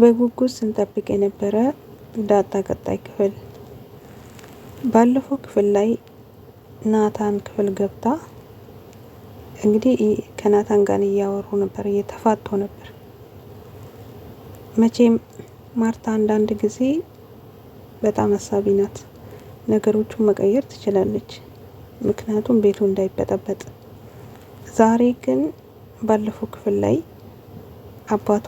በጉጉት ስንጠብቅ የነበረ ዳጣ ቀጣይ ክፍል። ባለፈው ክፍል ላይ ናታን ክፍል ገብታ እንግዲህ ከናታን ጋር እያወሩ ነበር፣ እየተፋቶ ነበር። መቼም ማርታ አንዳንድ ጊዜ በጣም አሳቢ ናት፣ ነገሮቹን መቀየር ትችላለች፣ ምክንያቱም ቤቱ እንዳይበጠበጥ። ዛሬ ግን ባለፈው ክፍል ላይ አባቷ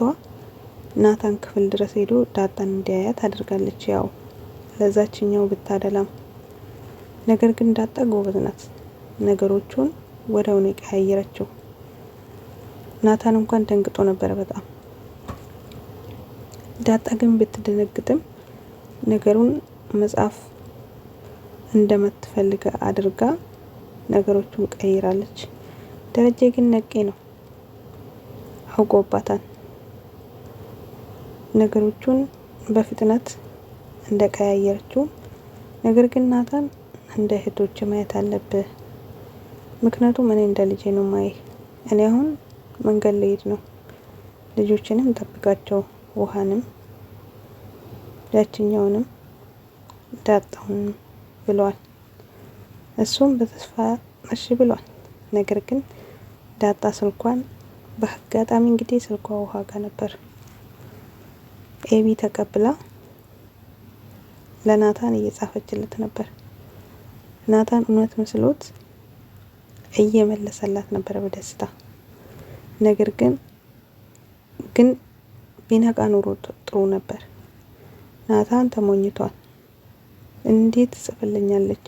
ናታን ክፍል ድረስ ሄዶ ዳጣን እንዲያያት አድርጋለች። ያው ለዛችኛው ብታደላም ነገር ግን ዳጣ ጎበዝ ናት። ነገሮቹን ወዲያውኑ የቀያየረችው ናታን እንኳን ደንግጦ ነበረ በጣም ዳጣ ግን ብትደነግጥም ነገሩን መጽሐፍ እንደምትፈልገ አድርጋ ነገሮቹን ቀይራለች። ደረጀ ግን ነቄ ነው፣ አውቆባታል። ነገሮቹን በፍጥነት እንደቀያየረችው፣ ነገር ግን ናታን እንደ እህቶች ማየት አለብህ። ምክንያቱም እኔ እንደ ልጄ ነው ማይ። እኔ አሁን መንገድ ልሄድ ነው። ልጆችንም ጠብቃቸው፣ ውሃንም ያችኛውንም ዳጣውን ብሏል። እሱም በተስፋ እሺ ብሏል። ነገር ግን ዳጣ ስልኳን በአጋጣሚ እንግዲህ ስልኳ ውሃ ጋር ነበር ኤቢ ተቀብላ ለናታን እየጻፈችለት ነበር። ናታን እውነት መስሎት እየመለሰላት ነበር በደስታ ነገር ግን ግን ቢነቃ ኑሮ ጥሩ ነበር። ናታን ተሞኝቷል። እንዴት ትጽፍልኛለች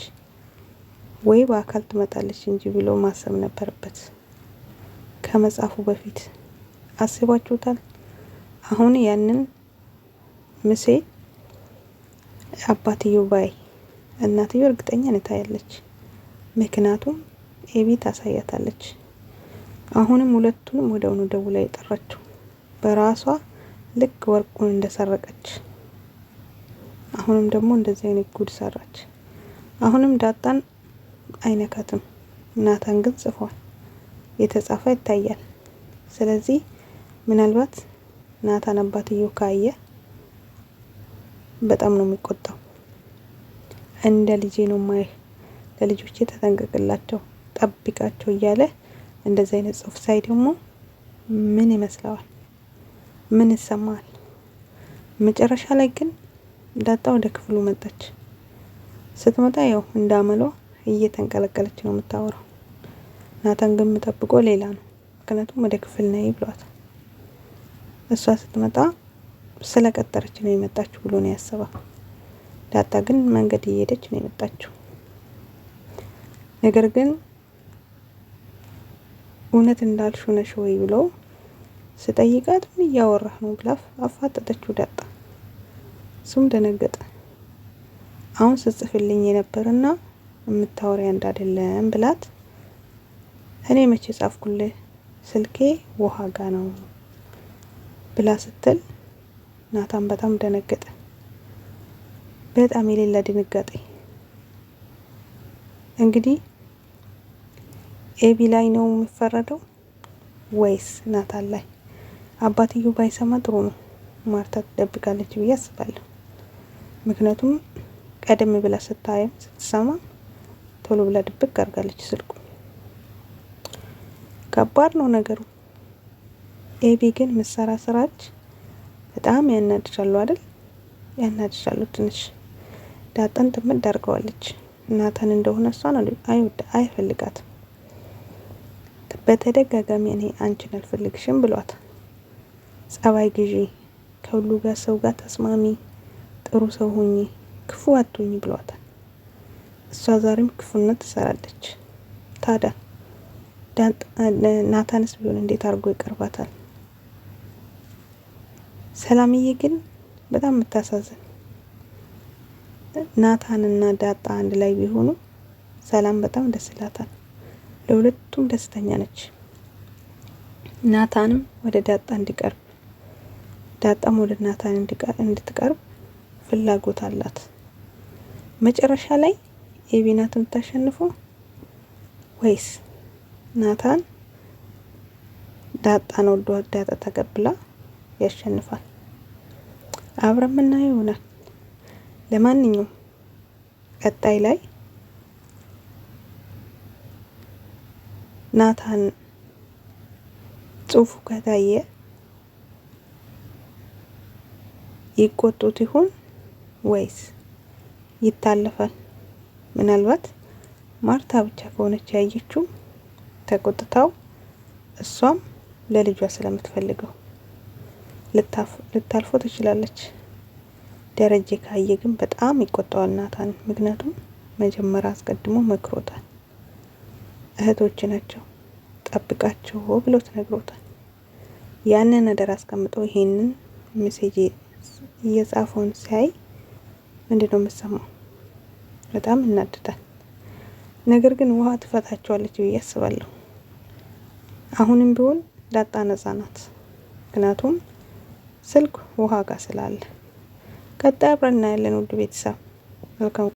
ወይ በአካል ትመጣለች እንጂ ብሎ ማሰብ ነበረበት ከመጻፉ በፊት አስባችሁታል? አሁን ያንን ምሴ አባትዮ ባይ እናትዮ እርግጠኛ ነታ ያለች ምክንያቱም ኤቢ ታሳያታለች። አሁንም ሁለቱንም ወደውኑ ደውላ የጠራችው በራሷ ልክ ወርቁን እንደሰረቀች አሁንም ደግሞ እንደዚህ አይነት ጉድ ሰራች። አሁንም ዳጣን አይነካትም። ናታን ግን ጽፏል፣ የተጻፈ ይታያል። ስለዚህ ምናልባት ናታን አባትዮ ካየ በጣም ነው የሚቆጣው። እንደ ልጄ ነው ማየ ለልጆቼ ተጠንቀቅላቸው፣ ጠብቃቸው እያለ እንደዚህ አይነት ጽሁፍ ሳይ ደግሞ ምን ይመስለዋል? ምን ይሰማል? መጨረሻ ላይ ግን ዳጣ ወደ ክፍሉ መጣች። ስትመጣ ያው እንደ አመሏ እየተንቀለቀለች ነው የምታወራው። ናታን ግን ጠብቆ ሌላ ነው። ምክንያቱም ወደ ክፍል ነይ ብሏት እሷ ስትመጣ ስለቀጠረች ነው የመጣችሁ ብሎ ነው ያሰባ። ዳጣ ግን መንገድ እየሄደች ነው የመጣችሁ ነገር ግን እውነት እንዳልሽ ነሽ ወይ ብሎ ስጠይቃት ምን እያወራህ ነው ብላ አፋጠጠችው ዳጣ። እሱም ደነገጠ። አሁን ስጽፍልኝ የነበረና የምታወሪያ እንዳደለም ብላት፣ እኔ መቼ ጻፍኩልህ ስልኬ ውሃ ጋ ነው ብላ ስትል ናታን በጣም ደነገጠ። በጣም የሌላ ድንጋጤ። እንግዲህ ኤቢ ላይ ነው የሚፈረደው ወይስ ናታን ላይ? አባትዮ ባይሰማ ጥሩ ነው። ማርታ ትደብቃለች ብዬ አስባለሁ። ምክንያቱም ቀደም ብላ ስታየም ስትሰማ ቶሎ ብላ ድብቅ አድርጋለች ስልኩ። ከባድ ነው ነገሩ። ኤቢ ግን ምሰራ ስራች በጣም ያናድዳሉ አይደል? ያናድዳሉ። ትንሽ ዳጣን ጥምድ አድርገዋለች። ናታን እንደሆነ እሷን አይወዳ አይፈልጋትም። በተደጋጋሚ እኔ አንቺን አልፈልግሽም ብሏት፣ ጸባይ ግዢ፣ ከሁሉ ጋር ሰው ጋር ተስማሚ፣ ጥሩ ሰው ሁኚ፣ ክፉ አትሁኚ ብሏታል። እሷ ዛሬም ክፉነት ትሰራለች። ታዲያ ናታንስ ቢሆን እንዴት አድርጎ ይቀርባታል? ሰላምዬ ግን በጣም የምታሳዝን ናታን እና ዳጣ አንድ ላይ ቢሆኑ ሰላም በጣም ደስ ይላታል። ለሁለቱም ደስተኛ ነች። ናታንም ወደ ዳጣ እንዲቀርብ፣ ዳጣም ወደ ናታን እንድትቀርብ ፍላጎት አላት። መጨረሻ ላይ ኤቢ ናት የምታሸንፈው ወይስ ናታን ዳጣን ወደ ዳጣ ተቀብላ ያሸንፋል። አብረን ምናየው ይሆናል። ለማንኛውም ቀጣይ ላይ ናታን ጽሁፉ ከታየ ይቆጡት ይሆን ወይስ ይታለፋል? ምናልባት ማርታ ብቻ ከሆነች ያየችው ተቆጥታው እሷም ለልጇ ስለምትፈልገው ልታልፎ ትችላለች። ደረጀ ካየ ግን በጣም ይቆጣዋል ናታን። ምክንያቱም መጀመሪያ አስቀድሞ መክሮታል። እህቶች ናቸው ጠብቃቸው ብሎት ነግሮታል። ያንን ነገር አስቀምጦ ይሄንን ሜሴጅ እየጻፈውን ሲያይ ምንድን ነው የምሰማው? በጣም እናድዳል። ነገር ግን ውሃ ትፈታቸዋለች ብዬ አስባለሁ። አሁንም ቢሆን ዳጣ ነጻ ናት። ምክንያቱም ስልክ ውሃ ጋር ስላለ። ቀጣይ አብረን እናያለን። ውድ ቤተሰብ መልካም